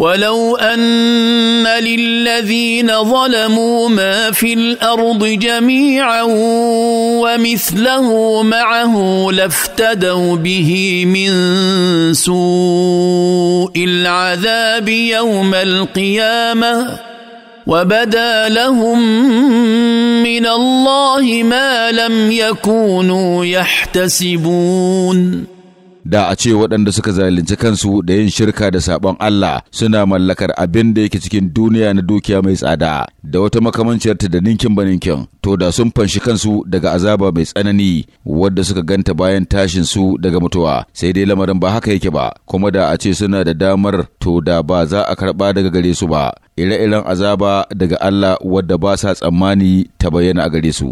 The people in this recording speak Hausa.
ولو ان للذين ظلموا ما في الارض جميعا ومثله معه لافتدوا به من سوء العذاب يوم القيامه وبدا لهم من الله ما لم يكونوا يحتسبون da a ce waɗanda suka zalunci kansu da yin shirka da sabon Allah suna mallakar abin da yake cikin duniya na dukiya mai tsada da wata ta da ninkin ba ninkin to da sun fanshi kansu daga azaba mai tsanani wadda suka ganta bayan tashin su daga mutuwa sai dai lamarin ba haka yake ba kuma da a ce suna da damar to da ba za a karɓa daga gare su ba ire-iren azaba daga Allah wadda ba sa tsammani ta bayyana a gare su